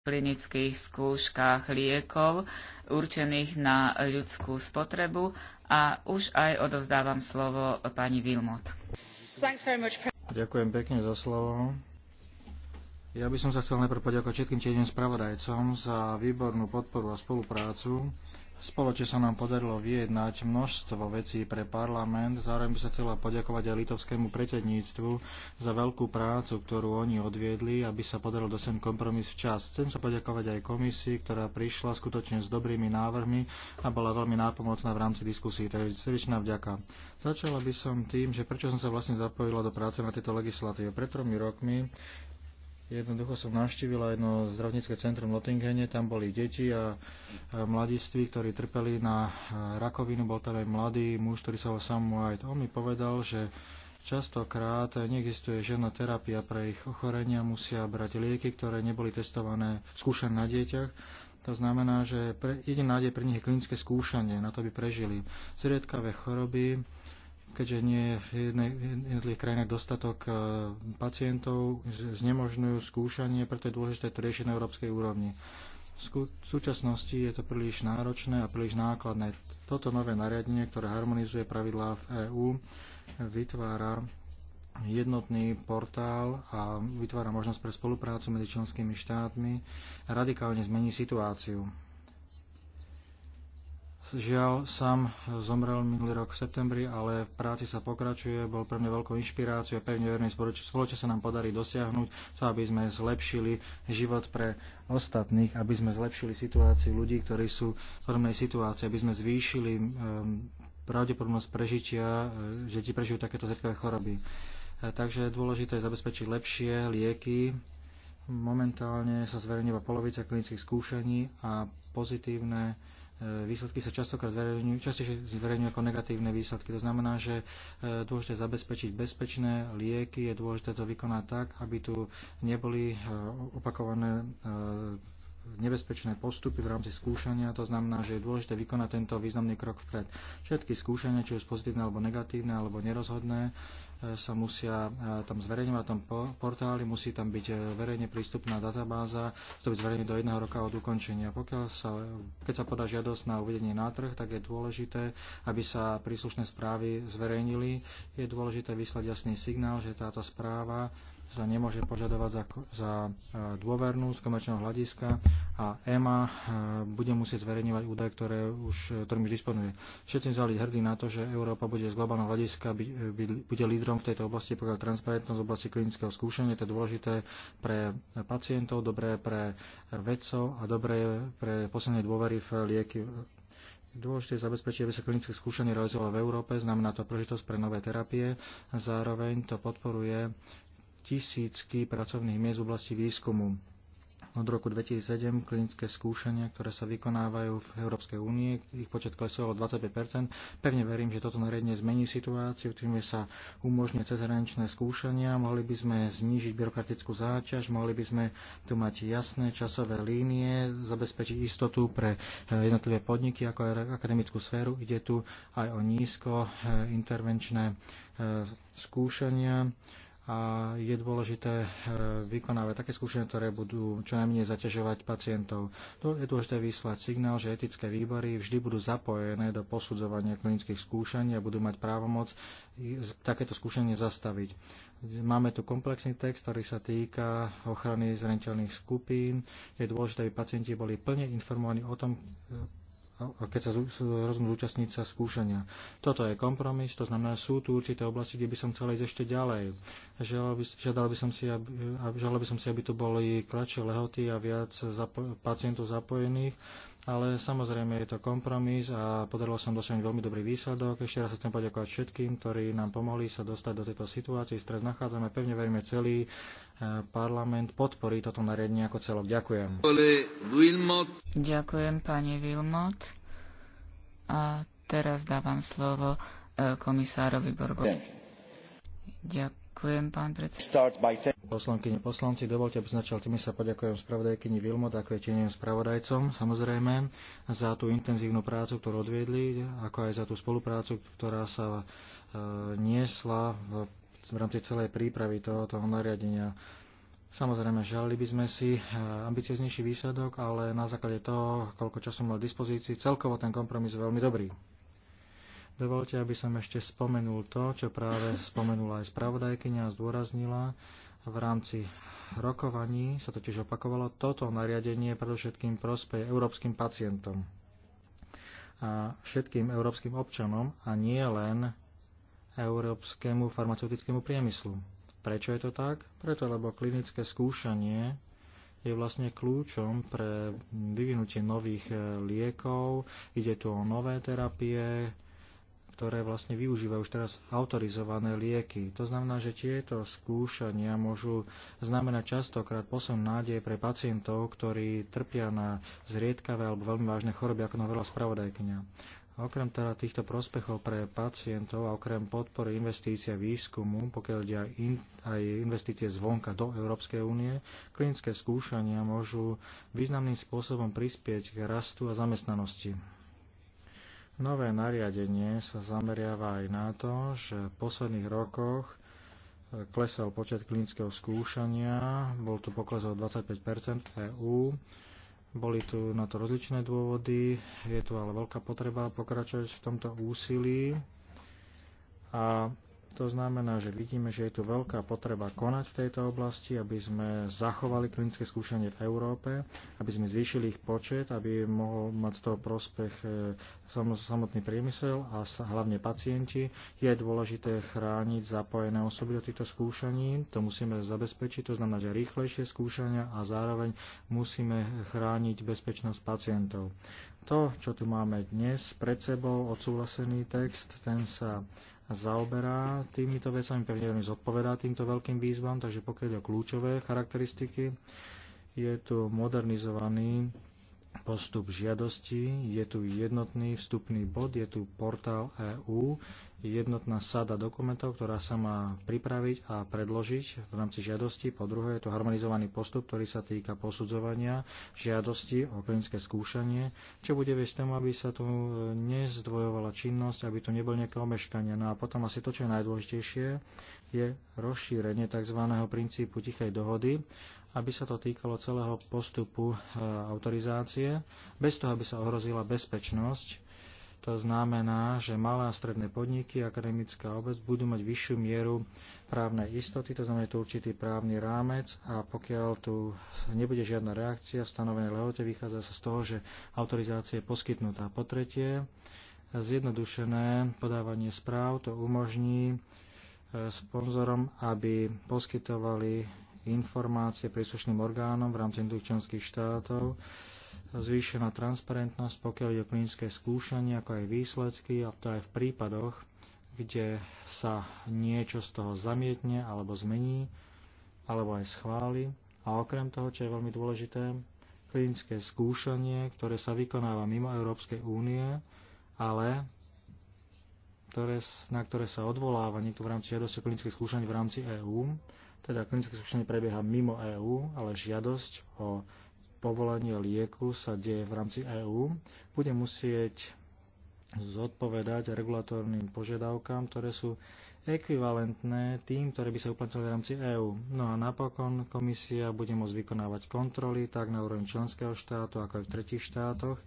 klinických skúškach liekov určených na ľudskú spotrebu a už aj odovzdávam slovo pani Wilmot. Ďakujem pekne za slovo. Ja by som sa chcel najprv poďakovať všetkým tieňom spravodajcom za výbornú podporu a spoluprácu. Spoločne sa nám podarilo vyjednať množstvo vecí pre parlament. Zároveň by sa chcela poďakovať aj litovskému predsedníctvu za veľkú prácu, ktorú oni odviedli, aby sa podaril dosiahnuť kompromis včas. Chcem sa poďakovať aj komisii, ktorá prišla skutočne s dobrými návrhmi a bola veľmi nápomocná v rámci diskusí. Takže srdečná vďaka. Začala by som tým, že prečo som sa vlastne zapojila do práce na tejto legislatíve. Pred tromi rokmi Jednoducho som navštívila jedno zdravnícke centrum v Nottinghene, tam boli deti a mladiství, ktorí trpeli na rakovinu. Bol tam aj mladý muž, ktorý sa volal Sam White. On mi povedal, že častokrát neexistuje žiadna terapia pre ich ochorenia, musia brať lieky, ktoré neboli testované, skúšané na dieťach. To znamená, že jediná nádej pre nich je klinické skúšanie, na to by prežili. Zriedkavé choroby, keďže nie je v jednotlivých krajinách dostatok e, pacientov, znemožňujú skúšanie, preto je dôležité to riešiť na európskej úrovni. V súčasnosti je to príliš náročné a príliš nákladné. Toto nové nariadenie, ktoré harmonizuje pravidlá v EÚ, vytvára jednotný portál a vytvára možnosť pre spoluprácu medzi členskými štátmi a radikálne zmení situáciu. Žiaľ, sám zomrel minulý rok v septembri, ale v práci sa pokračuje, bol pre mňa veľkou inšpiráciou a pevne verím, spoločne sa nám podarí dosiahnuť to, aby sme zlepšili život pre ostatných, aby sme zlepšili situáciu ľudí, ktorí sú v podobnej situácii, aby sme zvýšili um, pravdepodobnosť prežitia, e, že ti prežijú takéto zriedkavé choroby. E, takže dôležité je zabezpečiť lepšie lieky. Momentálne sa zverejne iba polovica klinických skúšaní a pozitívne E, výsledky sa častokrát zverejňujú, častejšie zverejňujú ako negatívne výsledky. To znamená, že e, je dôležité zabezpečiť bezpečné lieky, je dôležité to vykonať tak, aby tu neboli e, opakované nebezpečné postupy v rámci skúšania, to znamená, že je dôležité vykonať tento významný krok vpred. Všetky skúšania, či už pozitívne alebo negatívne alebo nerozhodné, sa musia e, tam zverejňovať na tom portáli, musí tam byť e, verejne prístupná databáza, musí to byť zverejne do jedného roka od ukončenia. Pokiaľ sa, e, keď sa podá žiadosť na uvedenie na trh, tak je dôležité, aby sa príslušné správy zverejnili. Je dôležité vyslať jasný signál, že táto správa sa nemôže požadovať za, za e, dôvernú z komerčného hľadiska a EMA e, bude musieť zverejňovať údaje, ktoré už, e, ktorým už disponuje. Všetci sme hrdí na to, že Európa bude z globálneho hľadiska by, by, bude lídrom v tejto oblasti, pokiaľ transparentnosť v oblasti klinického skúšania, to je dôležité pre pacientov, dobré pre vedcov a dobré pre posledné dôvery v lieky, Dôležité je zabezpečiť, aby sa klinické skúšanie realizovalo v Európe, znamená to príležitosť pre nové terapie, zároveň to podporuje tisícky pracovných miest v oblasti výskumu. Od roku 2007 klinické skúšania, ktoré sa vykonávajú v Európskej únie, ich počet klesol o 25 Pevne verím, že toto nariadenie zmení situáciu, tým, že sa umožňuje cezhraničné skúšania, mohli by sme znížiť byrokratickú záťaž, mohli by sme tu mať jasné časové línie, zabezpečiť istotu pre e, jednotlivé podniky, ako aj akademickú sféru. Ide tu aj o nízko e, intervenčné e, skúšania a je dôležité e, vykonávať také skúšenia, ktoré budú čo najmenej zaťažovať pacientov. Je dôležité vyslať signál, že etické výbory vždy budú zapojené do posudzovania klinických skúšaní a budú mať právomoc takéto skúšanie zastaviť. Máme tu komplexný text, ktorý sa týka ochrany zraniteľných skupín. Je dôležité, aby pacienti boli plne informovaní o tom, No, keď sa rozhodnú zúčastniť sa skúšania. Toto je kompromis, to znamená, sú tu určité oblasti, kde by som chcel ísť ešte ďalej. Žiadal by, by, som, si, aby, by som si, aby tu boli kratšie lehoty a viac zapo- pacientov zapojených ale samozrejme je to kompromis a podarilo sa dosiahnuť veľmi dobrý výsledok. Ešte raz chcem poďakovať všetkým, ktorí nám pomohli sa dostať do tejto situácie, z ktorej nachádzame. Pevne veríme, celý e, parlament podporí toto nariadenie ako celok. Ďakujem. Ďakujem, pani Wilmot. A teraz dávam slovo e, komisárovi Borgovi. Ďakujem. Ďakujem, pán predseda. Poslankyne, poslanci, dovolte, aby začal tým, sa poďakujem spravodajkyni Vilmot, ako je tieňovým spravodajcom, samozrejme, za tú intenzívnu prácu, ktorú odviedli, ako aj za tú spoluprácu, ktorá sa e, niesla v, v rámci celej prípravy tohoto nariadenia. Samozrejme, žali by sme si e, ambicioznejší výsledok, ale na základe toho, koľko času mal v dispozícii, celkovo ten kompromis je veľmi dobrý. Dovolte, aby som ešte spomenul to, čo práve spomenula aj spravodajkynia a zdôraznila. V rámci rokovaní sa totiž opakovalo, toto nariadenie predovšetkým prospeje európskym pacientom a všetkým európskym občanom a nie len európskemu farmaceutickému priemyslu. Prečo je to tak? Preto, lebo klinické skúšanie je vlastne kľúčom pre vyvinutie nových eh, liekov, ide tu o nové terapie, ktoré vlastne využívajú už teraz autorizované lieky. To znamená, že tieto skúšania môžu znamenať častokrát posun nádej pre pacientov, ktorí trpia na zriedkavé alebo veľmi vážne choroby, ako novela spravodajkňa. Okrem teda týchto prospechov pre pacientov a okrem podpory investícia výskumu, pokiaľ ide aj investície zvonka do Európskej únie, klinické skúšania môžu významným spôsobom prispieť k rastu a zamestnanosti. Nové nariadenie sa zameriava aj na to, že v posledných rokoch eh, klesal počet klinického skúšania, bol tu pokles o 25 EU, boli tu na to rozličné dôvody, je tu ale veľká potreba pokračovať v tomto úsilí a to znamená, že vidíme, že je tu veľká potreba konať v tejto oblasti, aby sme zachovali klinické skúšanie v Európe, aby sme zvýšili ich počet, aby mohol mať z toho prospech e, samotný priemysel a hlavne pacienti. Je dôležité chrániť zapojené osoby do týchto skúšaní, to musíme zabezpečiť, to znamená, že rýchlejšie skúšania a zároveň musíme chrániť bezpečnosť pacientov. To, čo tu máme dnes pred sebou, odsúhlasený text, ten sa zaoberá týmito vecami, pevne veľmi zodpovedá týmto veľkým výzvam, takže pokiaľ je o kľúčové charakteristiky, je tu modernizovaný postup žiadosti, je tu jednotný vstupný bod, je tu portál EÚ, jednotná sada dokumentov, ktorá sa má pripraviť a predložiť v rámci žiadosti. Po druhé je tu harmonizovaný postup, ktorý sa týka posudzovania žiadosti o klinické skúšanie, čo bude viesť tomu, aby sa tu nezdvojovala činnosť, aby tu nebol nejaké omeškanie. No a potom asi to, čo je najdôležitejšie, je rozšírenie tzv. princípu tichej dohody aby sa to týkalo celého postupu e, autorizácie, bez toho, aby sa ohrozila bezpečnosť. To znamená, že malé a stredné podniky, akademická obec budú mať vyššiu mieru právnej istoty, to znamená, je to určitý právny rámec a pokiaľ tu nebude žiadna reakcia v stanovenej lehote, vychádza sa z toho, že autorizácia je poskytnutá. Po tretie, zjednodušené podávanie správ to umožní e, sponzorom, aby poskytovali informácie príslušným orgánom v rámci jednotlivých členských štátov, zvýšená transparentnosť, pokiaľ ide o klinické skúšanie, ako aj výsledky, a to aj v prípadoch, kde sa niečo z toho zamietne alebo zmení, alebo aj schváli. A okrem toho, čo je veľmi dôležité, klinické skúšanie, ktoré sa vykonáva mimo Európskej únie, ale ktoré, na ktoré sa odvoláva niekto v rámci žiadosti o skúšaní v rámci EÚ teda klinické skúšanie prebieha mimo EÚ, ale žiadosť o povolenie lieku sa deje v rámci EÚ. Bude musieť zodpovedať regulatórnym požiadavkám, ktoré sú ekvivalentné tým, ktoré by sa uplatňovali v rámci EÚ. No a napokon komisia bude môcť vykonávať kontroly tak na úrovni členského štátu, ako aj v tretich štátoch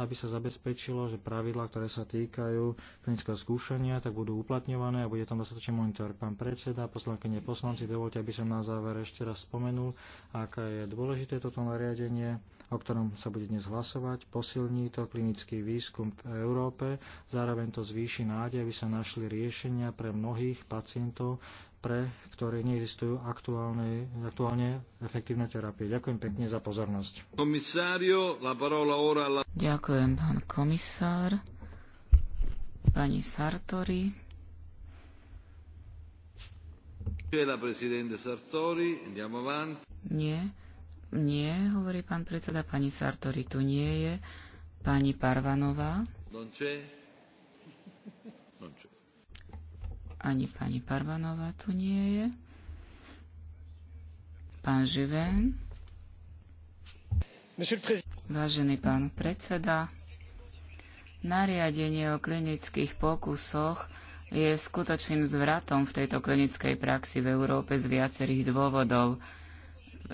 aby sa zabezpečilo, že pravidlá, ktoré sa týkajú klinického skúšania, tak budú uplatňované a bude tam dostatočný monitor. Pán predseda, poslankyne, poslanci, dovolte, aby som na záver ešte raz spomenul, aká je dôležité toto nariadenie, o ktorom sa bude dnes hlasovať. Posilní to klinický výskum v Európe, zároveň to zvýši nádej, aby sa našli riešenia pre mnohých pacientov pre ktoré neexistujú aktuálne, aktuálne efektívne terapie. Ďakujem pekne za pozornosť. Ďakujem, pán komisár. Pani Sartori. Nie, nie, hovorí pán predseda. Pani Sartori tu nie je. Pani Parvanová. Non c'è? Non c'è. Ani pani Parvanová tu nie je. Pán Živen. Vážený pán predseda, nariadenie o klinických pokusoch je skutočným zvratom v tejto klinickej praxi v Európe z viacerých dôvodov.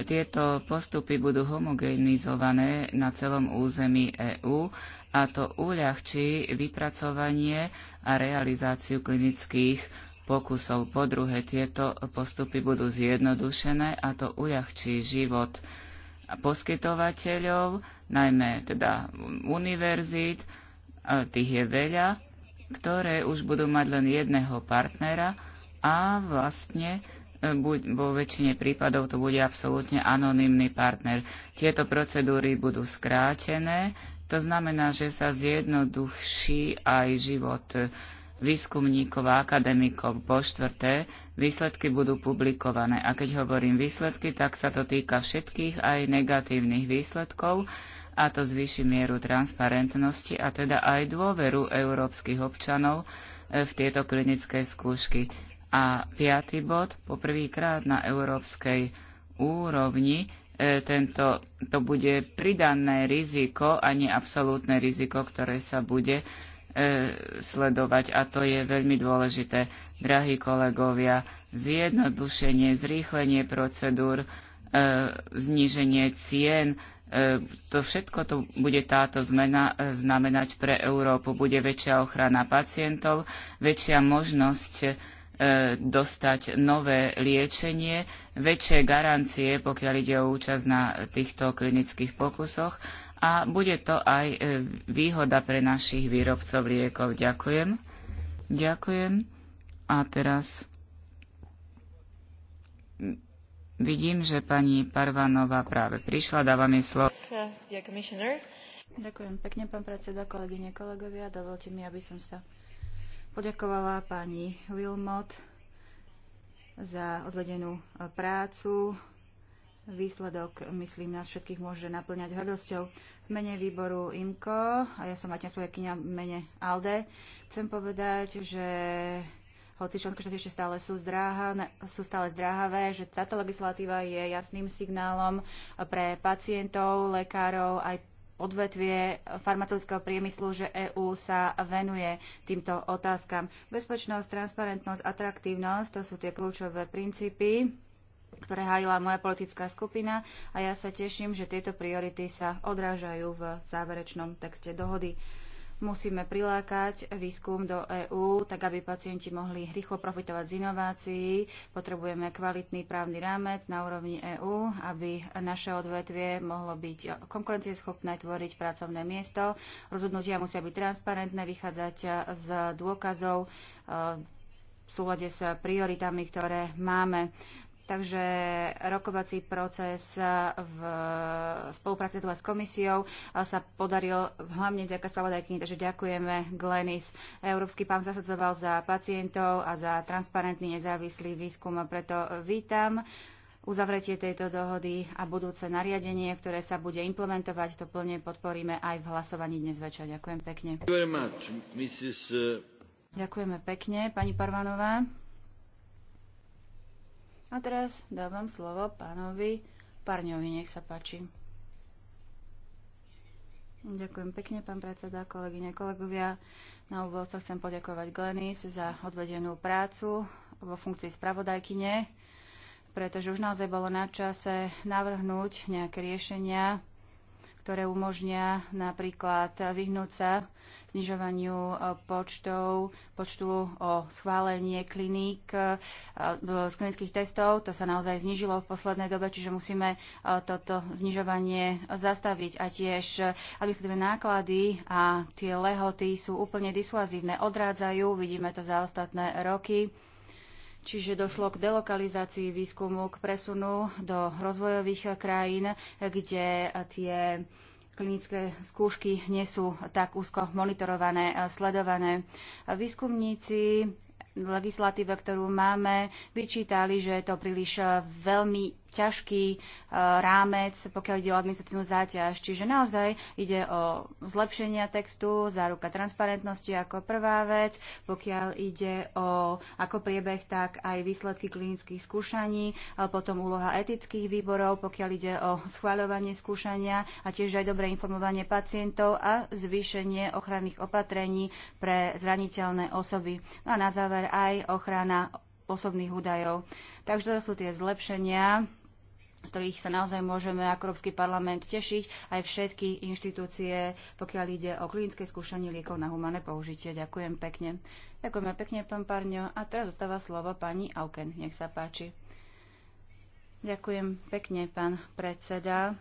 Tieto postupy budú homogenizované na celom území EÚ a to uľahčí vypracovanie a realizáciu klinických pokusov. Po druhé, tieto postupy budú zjednodušené a to uľahčí život poskytovateľov, najmä teda univerzít, tých je veľa, ktoré už budú mať len jedného partnera a vlastne buď, vo väčšine prípadov to bude absolútne anonymný partner. Tieto procedúry budú skrátené, to znamená, že sa zjednoduchší aj život výskumníkov a akademikov. Po štvrté, výsledky budú publikované. A keď hovorím výsledky, tak sa to týka všetkých aj negatívnych výsledkov, a to zvýši mieru transparentnosti a teda aj dôveru európskych občanov e, v tieto klinické skúšky. A piatý bod, poprvýkrát na európskej úrovni e, tento, to bude pridané riziko a nie absolútne riziko, ktoré sa bude e, sledovať. A to je veľmi dôležité, drahí kolegovia. Zjednodušenie, zrýchlenie procedúr, e, zníženie cien, e, to všetko to bude táto zmena e, znamenať pre Európu. Bude väčšia ochrana pacientov, väčšia možnosť E, dostať nové liečenie, väčšie garancie, pokiaľ ide o účasť na týchto klinických pokusoch a bude to aj e, výhoda pre našich výrobcov liekov. Ďakujem. Ďakujem. A teraz vidím, že pani Parvanová práve prišla. Dávam jej slovo. Ďakujem pekne, pán predseda, kolegyne, kolegovia. Dovolte mi, aby som sa poďakovala pani Wilmot za odvedenú e, prácu. Výsledok, myslím, nás všetkých môže naplňať hrdosťou. V mene výboru IMCO a ja som Matia Svojakyňa v mene ALDE, chcem povedať, že hoci členské štáty ešte stále sú, zdráha, sú stále zdráhavé, že táto legislatíva je jasným signálom e, pre pacientov, lekárov, aj odvetvie farmaceutického priemyslu, že EÚ sa venuje týmto otázkam. Bezpečnosť, transparentnosť, atraktívnosť, to sú tie kľúčové princípy ktoré hájila moja politická skupina a ja sa teším, že tieto priority sa odrážajú v záverečnom texte dohody. Musíme prilákať výskum do EÚ, tak aby pacienti mohli rýchlo profitovať z inovácií. Potrebujeme kvalitný právny rámec na úrovni EÚ, aby naše odvetvie mohlo byť konkurencieschopné, tvoriť pracovné miesto. Rozhodnutia musia byť transparentné, vychádzať z dôkazov eh, v súlade s prioritami, ktoré máme. Takže rokovací proces e, v spolupráci s komisiou e, sa podaril hlavne vďaka spravodajkyni, takže ďakujeme Glenis. Európsky pán zasadzoval za pacientov a za transparentný nezávislý výskum a preto vítam uzavretie tejto dohody a budúce nariadenie, ktoré sa bude implementovať, to plne podporíme aj v hlasovaní dnes večer. Ďakujem pekne. E, ďakujeme pekne, pani Parvanová. A teraz dávam slovo pánovi Parňovi, nech sa páči. Ďakujem pekne, pán predseda, kolegyne, kolegovia. Na úvod sa chcem poďakovať Glenis za odvedenú prácu vo funkcii spravodajkyne, pretože už naozaj bolo na čase navrhnúť nejaké riešenia, ktoré umožnia napríklad vyhnúť sa znižovaniu e, počtov, počtu o schválenie kliník, e, klinických testov. To sa naozaj znižilo v poslednej dobe, čiže musíme e, toto znižovanie zastaviť. A tiež administratívne náklady a tie lehoty sú úplne disuazívne, odrádzajú, vidíme to za ostatné roky Čiže došlo k delokalizácii výskumu, k presunu do rozvojových krajín, kde tie klinické skúšky nie sú tak úzko monitorované, sledované. Výskumníci legislatíve, ktorú máme, vyčítali, že je to príliš veľmi ťažký e, rámec, pokiaľ ide o administratívnu záťaž. Čiže naozaj ide o zlepšenia textu, záruka transparentnosti ako prvá vec, pokiaľ ide o ako priebeh, tak aj výsledky klinických skúšaní, e, potom úloha etických výborov, pokiaľ ide o schváľovanie skúšania a tiež aj dobré informovanie pacientov a zvýšenie ochranných opatrení pre zraniteľné osoby. No a na záver aj ochrana osobných údajov. Takže to sú tie zlepšenia z ktorých sa naozaj môžeme ako Európsky parlament tešiť, aj všetky inštitúcie, pokiaľ ide o klinické skúšanie liekov na humané použitie. Ďakujem pekne. Ďakujeme pekne, pán Parňo. A teraz zostáva slovo pani Auken. Nech sa páči. Ďakujem pekne, pán predseda.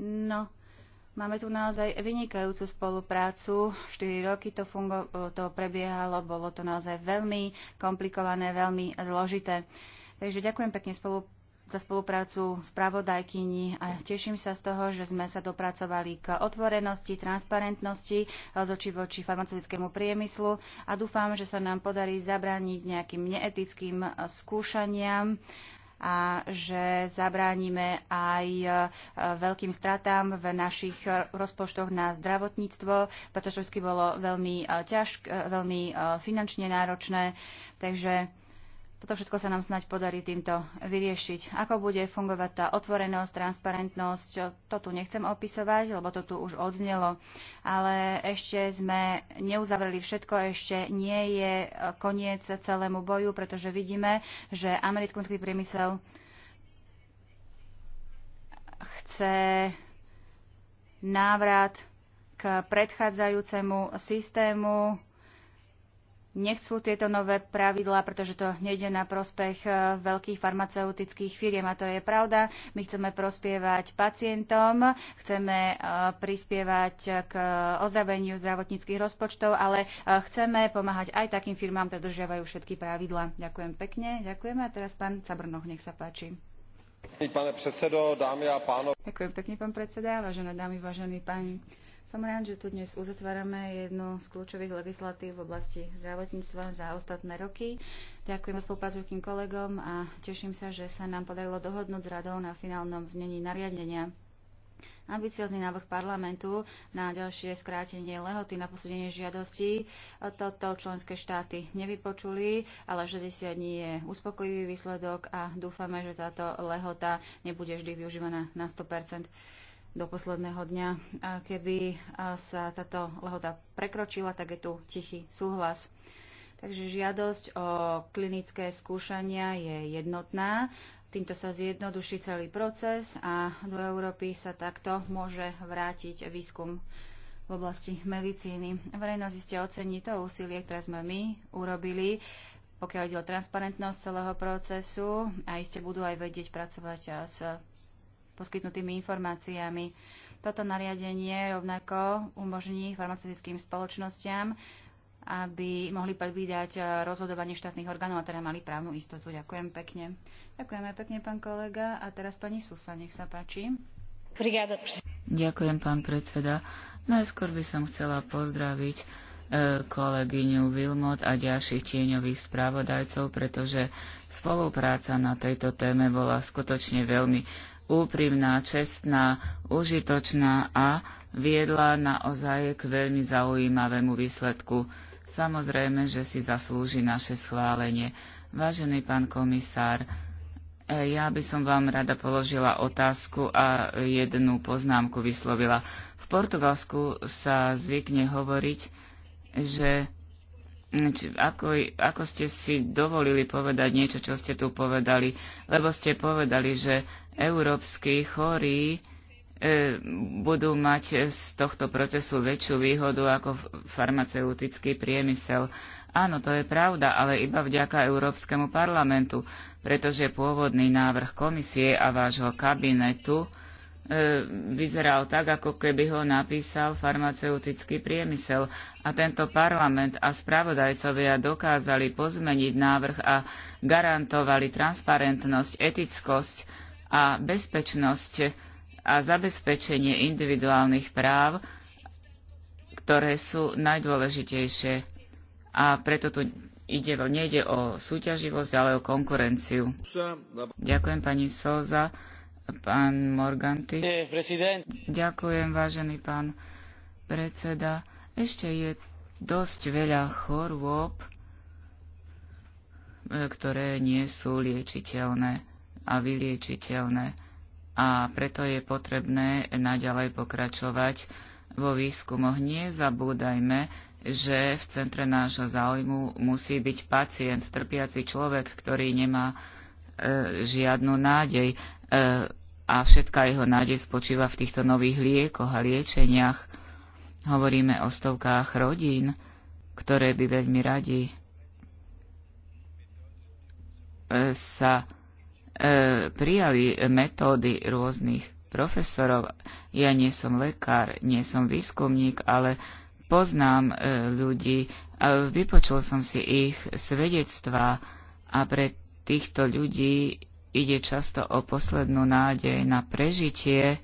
No, máme tu naozaj vynikajúcu spoluprácu. 4 roky to, fungo- to prebiehalo, bolo to naozaj veľmi komplikované, veľmi zložité. Uh, Takže ďakujem pekne spolu, za spoluprácu spravodajkyni a teším sa z toho, že sme sa dopracovali k otvorenosti, transparentnosti z oči voči farmaceutickému priemyslu a dúfam, že sa nám podarí zabrániť nejakým neetickým skúšaniam a že zabránime aj e, veľkým stratám v našich rozpočtoch na zdravotníctvo, pretože to bolo veľmi e, ťažké, e, veľmi finančne náročné. Takže toto všetko sa nám snáď podarí týmto vyriešiť. Ako bude fungovať tá otvorenosť, transparentnosť, to tu nechcem opisovať, lebo to tu už odznelo, ale ešte sme neuzavreli všetko, ešte nie je e, koniec celému boju, pretože vidíme, že americký priemysel chce návrat k predchádzajúcemu systému nechcú tieto nové pravidlá, pretože to nejde na prospech e, veľkých farmaceutických firiem a to je pravda. My chceme prospievať pacientom, chceme e, prispievať k ozdraveniu zdravotníckých rozpočtov, ale e, chceme pomáhať aj takým firmám, ktoré držiavajú všetky pravidlá. Ďakujem pekne, ďakujeme a teraz pán Cabrnoch, nech sa páči. Pane predsedo, dámy a pánov. Ďakujem pekne, pán predseda, vážené dámy, vážení páni. Som rád, že tu dnes uzatvárame jednu z kľúčových legislatív v oblasti zdravotníctva za ostatné roky. Ďakujem spolupracujúkým kolegom a teším sa, že sa nám podarilo dohodnúť s radou na finálnom znení nariadenia. Ambiciózny návrh parlamentu na ďalšie skrátenie lehoty na posúdenie žiadosti toto členské štáty nevypočuli, ale 60 dní je uspokojivý výsledok a dúfame, že táto lehota nebude vždy využívaná na 100 do posledného dňa. Keby sa táto lehota prekročila, tak je tu tichý súhlas. Takže žiadosť o klinické skúšania je jednotná. Týmto sa zjednoduší celý proces a do Európy sa takto môže vrátiť výskum v oblasti medicíny. Verejnosť iste ocení to úsilie, ktoré sme my urobili, pokiaľ ide o transparentnosť celého procesu a iste budú aj vedieť pracovať s poskytnutými informáciami. Toto nariadenie rovnako umožní farmaceutickým spoločnosťam, aby mohli predvídať eh, rozhodovanie štátnych orgánov a teda mali právnu istotu. Ďakujem pekne. Ďakujeme pekne, pán kolega. A teraz pani Susa, nech sa páči. Ďakujem, pán predseda. Najskôr by som chcela pozdraviť eh, kolegyňu Vilmot a ďalších tieňových spravodajcov, pretože spolupráca na tejto téme bola skutočne veľmi úprimná, čestná, užitočná a viedla naozaj k veľmi zaujímavému výsledku. Samozrejme, že si zaslúži naše schválenie. Vážený pán komisár, e, ja by som vám rada položila otázku a jednu poznámku vyslovila. V Portugalsku sa zvykne hovoriť, že či, ako, ako ste si dovolili povedať niečo, čo ste tu povedali, lebo ste povedali, že európsky chorí e, budú mať z tohto procesu väčšiu výhodu ako farmaceutický priemysel. Áno, to je pravda, ale iba vďaka Európskemu parlamentu, pretože pôvodný návrh komisie a vášho kabinetu e, E, vyzeral tak, ako keby ho napísal farmaceutický priemysel. A tento parlament a spravodajcovia dokázali pozmeniť návrh a garantovali transparentnosť, etickosť a bezpečnosť a zabezpečenie individuálnych práv, ktoré sú najdôležitejšie. A preto tu ide, nejde o súťaživosť, ale o konkurenciu. Ďakujem pani Soza pán Morganti. Ďakujem, vážený pán predseda. Ešte je dosť veľa chorôb, e, ktoré nie sú liečiteľné a vyliečiteľné. A preto je potrebné naďalej pokračovať vo výskumoch. Nezabúdajme, že v centre nášho záujmu musí byť pacient, trpiaci človek, ktorý nemá e, žiadnu nádej. E, a všetká jeho nádej spočíva v týchto nových liekoch a liečeniach. Hovoríme o stovkách rodín, ktoré by veľmi radi e, sa e, prijali metódy rôznych profesorov. Ja nie som lekár, nie som výskumník, ale poznám e, ľudí, vypočul som si ich svedectvá a pre týchto ľudí Ide často o poslednú nádej na prežitie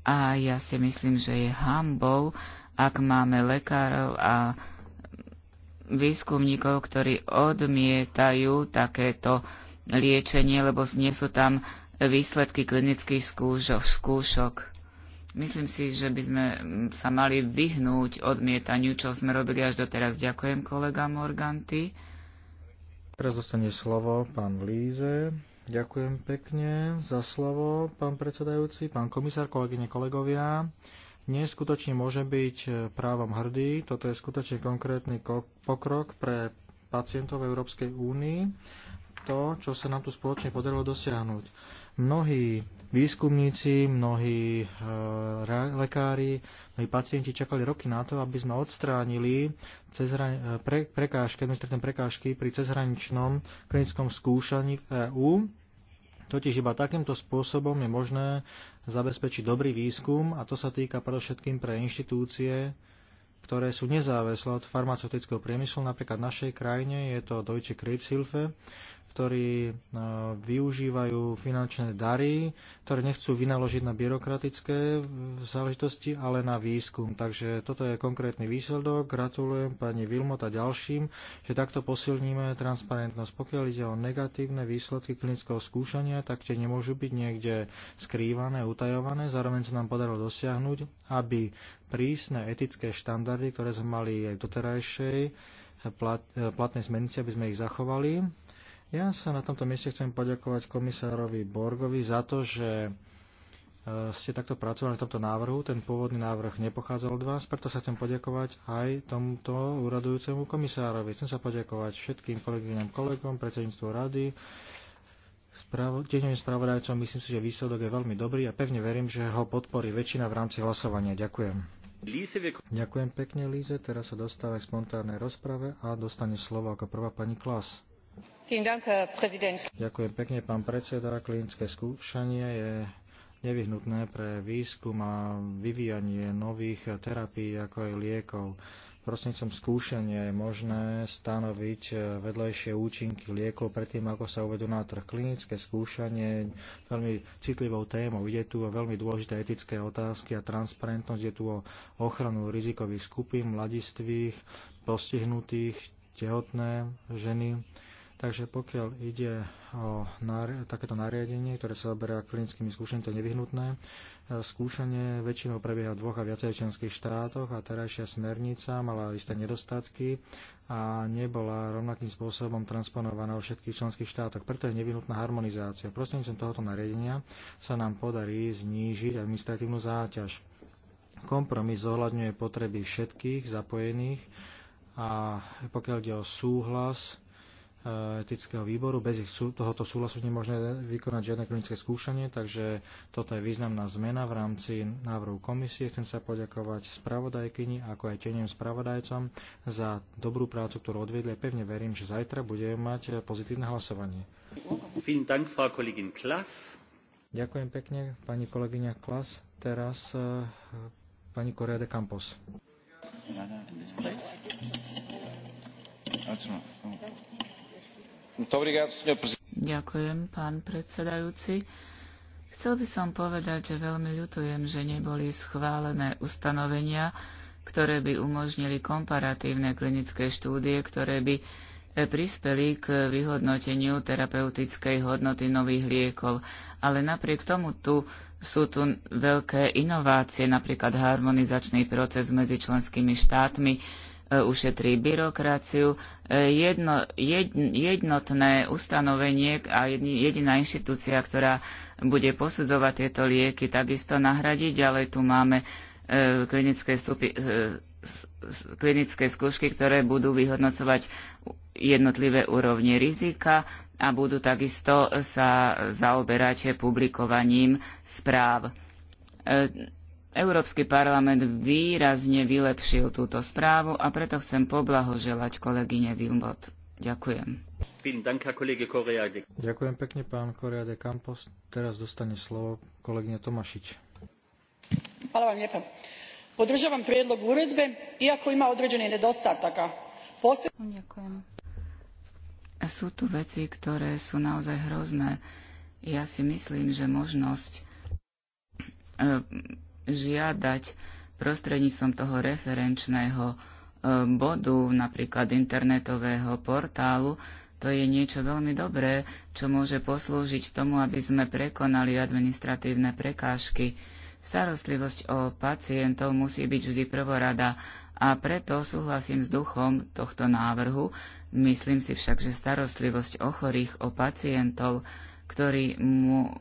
a ja si myslím, že je hambou, ak máme lekárov a výskumníkov, ktorí odmietajú takéto liečenie, lebo nie sú tam výsledky klinických skúšok, skúšok. Myslím si, že by sme sa mali vyhnúť odmietaniu, čo sme robili až doteraz. Ďakujem kolega Morganti. Teraz dostane slovo pán Líze. Ďakujem pekne za slovo, pán predsedajúci, pán komisár, kolegyne, kolegovia. Dnes skutočne môže byť právom hrdý. Toto je skutočne konkrétny pokrok pre pacientov v Európskej únii. To, čo sa nám tu spoločne podarilo dosiahnuť. Mnohí výskumníci, mnohí e, lekári, mnohí pacienti čakali roky na to, aby sme odstránili cezhra, eh, pre, prekážky, administratívne prekážky pri cezhraničnom klinickom skúšaní v EÚ. Totiž iba takýmto spôsobom je možné zabezpečiť dobrý výskum a to sa týka predovšetkým pre inštitúcie, ktoré sú nezávislé od farmaceutického priemyslu. Napríklad v našej krajine je to Deutsche Krebshilfe, ktorí e, využívajú finančné dary, ktoré nechcú vynaložiť na byrokratické e, záležitosti, ale na výskum. Takže toto je konkrétny výsledok. Gratulujem pani Vilmota a ďalším, že takto posilníme transparentnosť. Pokiaľ ide o negatívne výsledky klinického skúšania, tak tie nemôžu byť niekde skrývané, utajované. Zároveň sa nám podarilo dosiahnuť, aby prísne etické štandardy, ktoré sme mali aj doterajšej, e, platnej smernici, aby sme ich zachovali ja sa na tomto mieste chcem poďakovať komisárovi Borgovi za to, že e, ste takto pracovali na tomto návrhu. Ten pôvodný návrh nepochádzal od vás, preto sa chcem poďakovať aj tomuto úradujúcemu komisárovi. Chcem sa poďakovať všetkým kolegyňam, kolegom, predsedníctvu rady, tieňovým spravodajcom. Myslím si, že výsledok je veľmi dobrý a pevne verím, že ho podporí väčšina v rámci hlasovania. Ďakujem. Ďakujem pekne, Líze. Teraz sa dostáva k spontánnej rozprave a dostane slovo ako prvá pani Klas. Ďakujem pekne, pán predseda. Klinické skúšanie je nevyhnutné pre výskum a vyvíjanie nových terapií, ako aj liekov. Prostredníctvom skúšania je možné stanoviť vedľajšie účinky liekov predtým, ako sa uvedú na trh. Klinické skúšanie je veľmi citlivou témou. Ide tu o veľmi dôležité etické otázky a transparentnosť. Je tu o ochranu rizikových skupín, mladistvých, postihnutých, tehotné ženy. Takže pokiaľ ide o nari- takéto nariadenie, ktoré sa zaberá klinickými skúšaniami, to je nevyhnutné. E, skúšanie väčšinou prebieha v dvoch a viacej členských štátoch a terajšia smernica mala isté nedostatky a nebola rovnakým spôsobom transponovaná vo všetkých členských štátoch. Preto je nevyhnutná harmonizácia. Prostredníctvom tohoto nariadenia sa nám podarí znížiť administratívnu záťaž. Kompromis zohľadňuje potreby všetkých zapojených a pokiaľ ide o súhlas, Eh, etického výboru. Bez ich sú, tohoto súhlasu nie možné vykonať žiadne klinické skúšanie, takže toto je významná zmena v rámci návrhu komisie. Chcem sa poďakovať spravodajkyni, ako aj teniem spravodajcom za dobrú prácu, ktorú odviedli. Pevne verím, že zajtra budeme mať pozitívne hlasovanie. Ďakujem pekne, pani kolegyňa Klas. Teraz eh, pani Korea de Campos. That's not, oh. Ďakujem, pán predsedajúci. Chcel by som povedať, že veľmi ľutujem, že neboli schválené ustanovenia, ktoré by umožnili komparatívne klinické štúdie, ktoré by eh, prispeli k vyhodnoteniu terapeutickej hodnoty nových liekov. Ale napriek tomu tu sú tu veľké inovácie, napríklad harmonizačný proces medzi členskými štátmi, ušetrí byrokraciu. E, jedno, jed, jednotné ustanovenie a jediná inštitúcia, ktorá bude posudzovať tieto lieky, takisto nahradiť, Ďalej tu máme e, klinické, stupy, e, klinické skúšky, ktoré budú vyhodnocovať jednotlivé úrovne rizika a budú takisto sa zaoberať publikovaním správ Európsky parlament výrazne vylepšil túto správu a preto chcem poblahoželať kolegyne Wilmot. Ďakujem. Ďakujem pekne, pán Korea de Campos. Teraz dostane slovo kolegyne Tomašič. Hvala vam lijepa. Podržavam prijedlog uredbe, iako ima određenih nedostataka. Poseb... Ďakujem. Sú tu veci, ktoré sú naozaj hrozné. Ja si myslím, že možnosť e, žiadať prostredníctvom toho referenčného e, bodu, napríklad internetového portálu, to je niečo veľmi dobré, čo môže poslúžiť tomu, aby sme prekonali administratívne prekážky. Starostlivosť o pacientov musí byť vždy prvorada a preto súhlasím s duchom tohto návrhu. Myslím si však, že starostlivosť o chorých, o pacientov, ktorý mu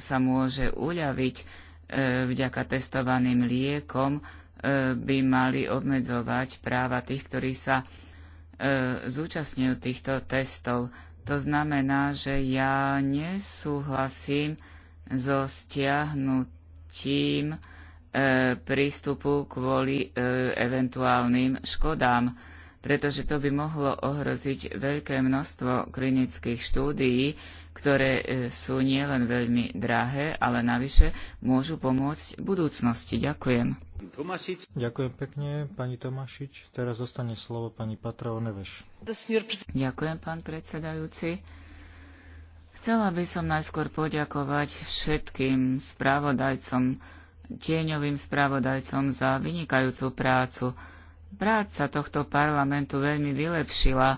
sa môže uľaviť E, vďaka testovaným liekom e, by mali obmedzovať práva tých, ktorí sa e, zúčastňujú týchto testov. To znamená, že ja nesúhlasím so stiahnutím prístupu kvôli eventuálnym škodám pretože to by mohlo ohroziť veľké množstvo klinických štúdií, ktoré e, sú nielen veľmi drahé, ale navyše môžu pomôcť v budúcnosti. Ďakujem. Tomašič. Ďakujem pekne, pani Tomašič. Teraz zostane slovo pani Patra Oneveš. Ďakujem, pán predsedajúci. Chcela by som najskôr poďakovať všetkým spravodajcom, tieňovým spravodajcom za vynikajúcu prácu práca tohto parlamentu veľmi vylepšila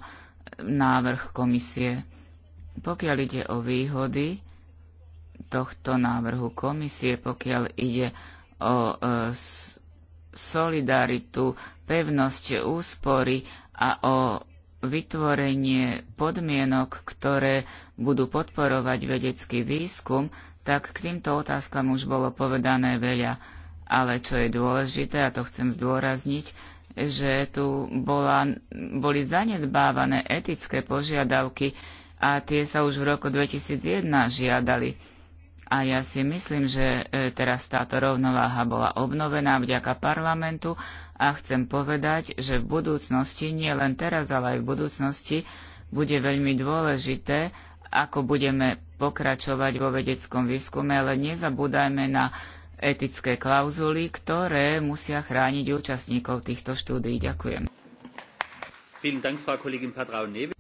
návrh komisie. Pokiaľ ide o výhody tohto návrhu komisie, pokiaľ ide o e, solidaritu, pevnosť úspory a o vytvorenie podmienok, ktoré budú podporovať vedecký výskum, tak k týmto otázkam už bolo povedané veľa. Ale čo je dôležité, a to chcem zdôrazniť, že tu bola, boli zanedbávané etické požiadavky a tie sa už v roku 2001 žiadali. A ja si myslím, že e, teraz táto rovnováha bola obnovená vďaka parlamentu a chcem povedať, že v budúcnosti, nie len teraz, ale aj v budúcnosti, bude veľmi dôležité, ako budeme pokračovať vo vedeckom výskume, ale nezabúdajme na etické klauzuly, ktoré musia chrániť účastníkov týchto štúdií. Ďakujem.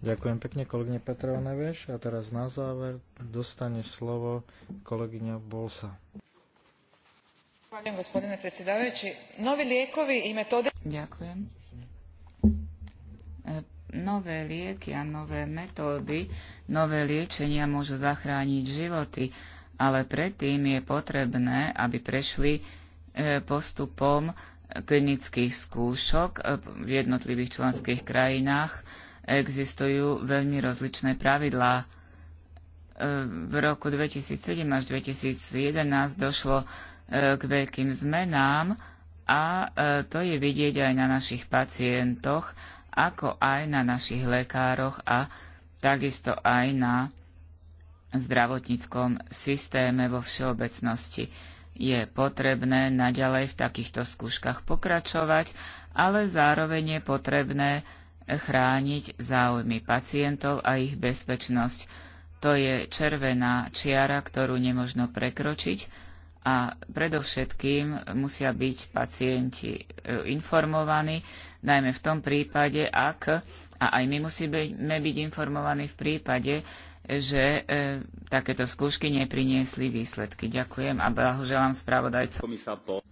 Ďakujem pekne kolegyne Petrov Neveš a teraz na záver dostane slovo kolegyňa Bolsa. Ďakujem. E, nové lieky a nové metódy, nové liečenia môžu zachrániť životy ale predtým je potrebné, aby prešli e, postupom klinických skúšok e, v jednotlivých členských krajinách. Existujú veľmi rozličné pravidlá. E, v roku 2007 až 2011 došlo k veľkým zmenám a to je vidieť aj na našich pacientoch, ako aj na našich lekároch a takisto aj na zdravotníckom systéme vo všeobecnosti. Je potrebné naďalej v takýchto skúškach pokračovať, ale zároveň je potrebné chrániť záujmy pacientov a ich bezpečnosť. To je červená čiara, ktorú nemožno prekročiť a predovšetkým musia byť pacienti e, informovaní, najmä v tom prípade, ak a aj my musíme byť informovaní v prípade, že e, takéto skúšky nepriniesli výsledky. Ďakujem a blahoželám spravodajcu.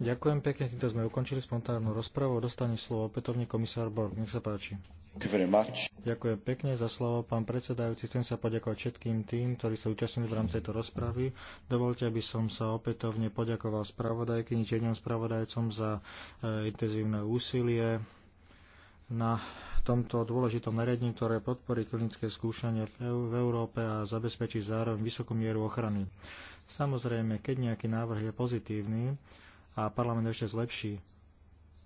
Ďakujem pekne, týmto sme ukončili spontánnu rozpravu. Dostane slovo opätovne komisár Borg. Nech sa páči. Ďakujem pekne za slovo, pán predsedajúci. Chcem sa poďakovať všetkým tým, ktorí sa účastnili v rámci tejto rozpravy. Dovolte, aby som sa opätovne poďakoval spravodajky, tieňom spravodajcom za e, intenzívne úsilie na tomto dôležitom nariadení, ktoré podporí klinické skúšanie v, Európe a zabezpečí zároveň vysokú mieru ochrany. Samozrejme, keď nejaký návrh je pozitívny a parlament ešte zlepší,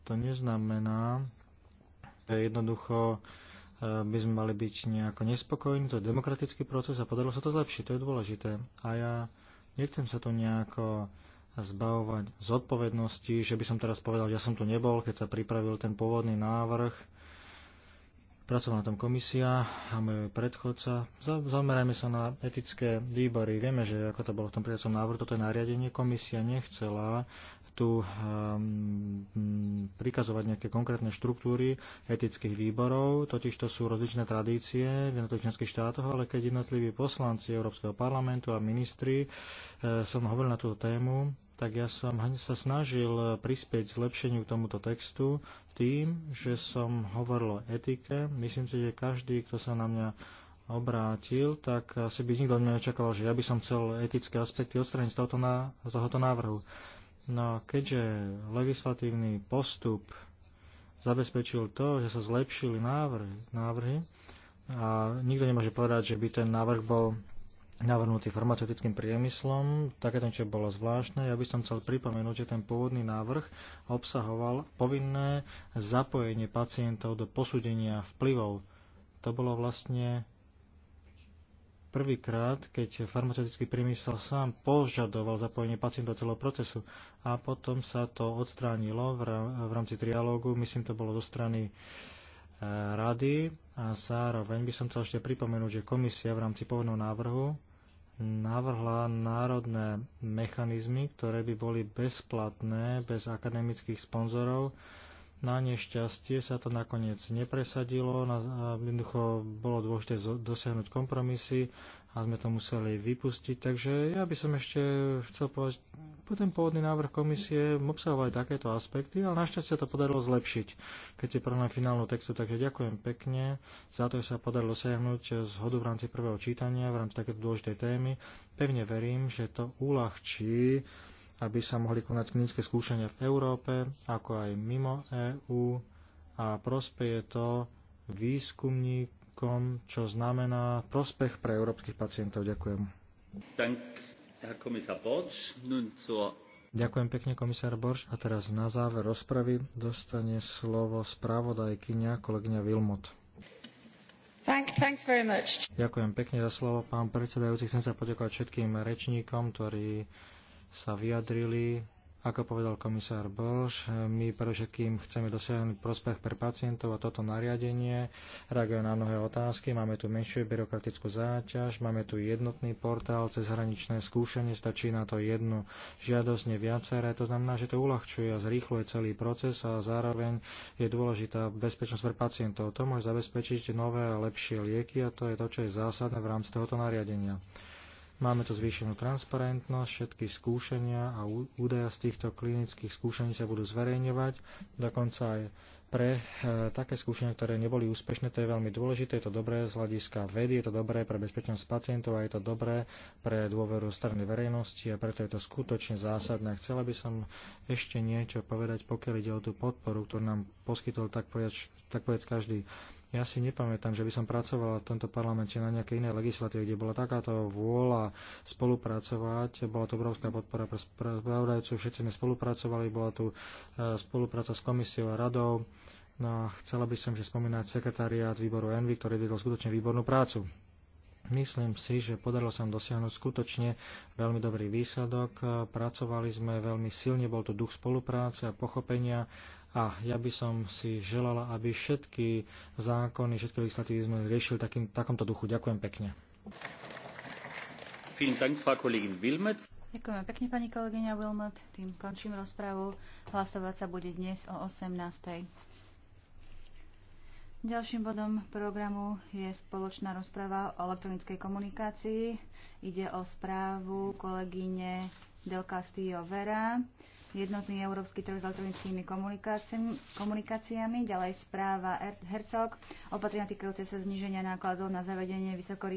to neznamená, že jednoducho e, by sme mali byť nejako nespokojní, to je demokratický proces a podarilo sa to zlepšiť, to je dôležité. A ja nechcem sa tu nejako zbavovať zodpovednosti, že by som teraz povedal, že ja som tu nebol, keď sa pripravil ten pôvodný návrh pracovala na tom komisia a môj predchodca. Zamerajme sa na etické výbory. Vieme, že ako to bolo v tom predchádzajúcom návrhu, toto je nariadenie. Komisia nechcela tu ehm, prikazovať nejaké konkrétne štruktúry etických výborov, totiž to sú rozličné tradície v jednotlivých členských štátoch, ale keď jednotliví poslanci Európskeho parlamentu a ministri eh, som hovoril na túto tému, tak ja som sa snažil prispieť zlepšeniu tomuto textu tým, že som hovoril o etike. Myslím si, že každý, kto sa na mňa obrátil, tak asi by nikto neočakával, že ja by som chcel etické aspekty odstrániť z z tohoto návrhu. No keďže legislatívny postup zabezpečil to, že sa zlepšili návrhy, návrhy a nikto nemôže povedať, že by ten návrh bol navrhnutý farmaceutickým priemyslom. Takéto niečo bolo zvláštne. Ja by som chcel pripomenúť, že ten pôvodný návrh obsahoval povinné zapojenie pacientov do posúdenia vplyvov. To bolo vlastne prvýkrát, keď farmaceutický priemysel sám požadoval zapojenie pacientov do celého procesu a potom sa to odstránilo v rámci trialógu, myslím to bolo zo strany e, rady a zároveň by som chcel ešte pripomenúť, že komisia v rámci pôvodného návrhu navrhla národné mechanizmy, ktoré by boli bezplatné, bez akademických sponzorov na nešťastie sa to nakoniec nepresadilo, jednoducho bolo dôležité dosiahnuť kompromisy a sme to museli vypustiť. Takže ja by som ešte chcel povedať, po ten pôvodný návrh komisie obsahoval takéto aspekty, ale našťastie to podarilo zlepšiť, keď si prehľadám finálnu textu. Takže ďakujem pekne za to, že sa podarilo dosiahnuť zhodu v rámci prvého čítania, v rámci takéto dôležitej témy. Pevne verím, že to uľahčí aby sa mohli konať klinické skúšania v Európe, ako aj mimo EÚ a prospeje to výskumníkom, čo znamená prospech pre európskych pacientov. Ďakujem. Ďakujem pekne, komisár Borš. A teraz na záver rozpravy dostane slovo spravodajkyňa kolegyňa Vilmot. Thank, Ďakujem pekne za slovo, pán predsedajúci. Chcem sa poďakovať všetkým rečníkom, ktorí sa vyjadrili. Ako povedal komisár Bolš, my pre všetkým chceme dosiahnuť prospech pre pacientov a toto nariadenie reaguje na mnohé otázky. Máme tu menšiu byrokratickú záťaž, máme tu jednotný portál cez hraničné skúšanie, stačí na to jednu žiadosť, ne viaceré. To znamená, že to uľahčuje a zrýchluje celý proces a zároveň je dôležitá bezpečnosť pre pacientov. To môže zabezpečiť nové a lepšie lieky a to je to, čo je zásadné v rámci tohoto nariadenia. Máme tu zvýšenú transparentnosť, všetky skúšania a údaja z týchto klinických skúšaní sa budú zverejňovať, dokonca aj pre e, také skúšania, ktoré neboli úspešné, to je veľmi dôležité, je to dobré z hľadiska vedy, je to dobré pre bezpečnosť pacientov a je to dobré pre dôveru strany verejnosti a preto je to skutočne zásadné. Chcela by som ešte niečo povedať, pokiaľ ide o tú podporu, ktorú nám poskytol tak povedať, tak povedať každý. Ja si nepamätám, že by som pracovala v tomto parlamente na nejakej inej legislatíve, kde bola takáto vôľa spolupracovať. Bola to obrovská podpora pre spravodajcu, všetci sme spolupracovali, bola tu e, spolupráca s komisiou a radou No a chcela by som, že spomínať sekretariát výboru Envy, ktorý vedol skutočne výbornú prácu. Myslím si, že podarilo sa nám dosiahnuť skutočne veľmi dobrý výsledok. Pracovali sme veľmi silne, bol to duch spolupráce a pochopenia a ja by som si želala, aby všetky zákony, všetky legislatívy sme riešili takým, takomto duchu. Ďakujem pekne. Ďakujeme pekne, pani kolegyňa Wilmot. Tým končím rozprávu. Hlasovať sa bude dnes o 18. Ďalším bodom programu je spoločná rozprava o elektronickej komunikácii. Ide o správu kolegyne Del Castillo Vera, jednotný európsky trh s elektronickými komunikáciami, ďalej správa Hercog, opatrenia týkajúce sa zniženia nákladov na zavedenie vysokorých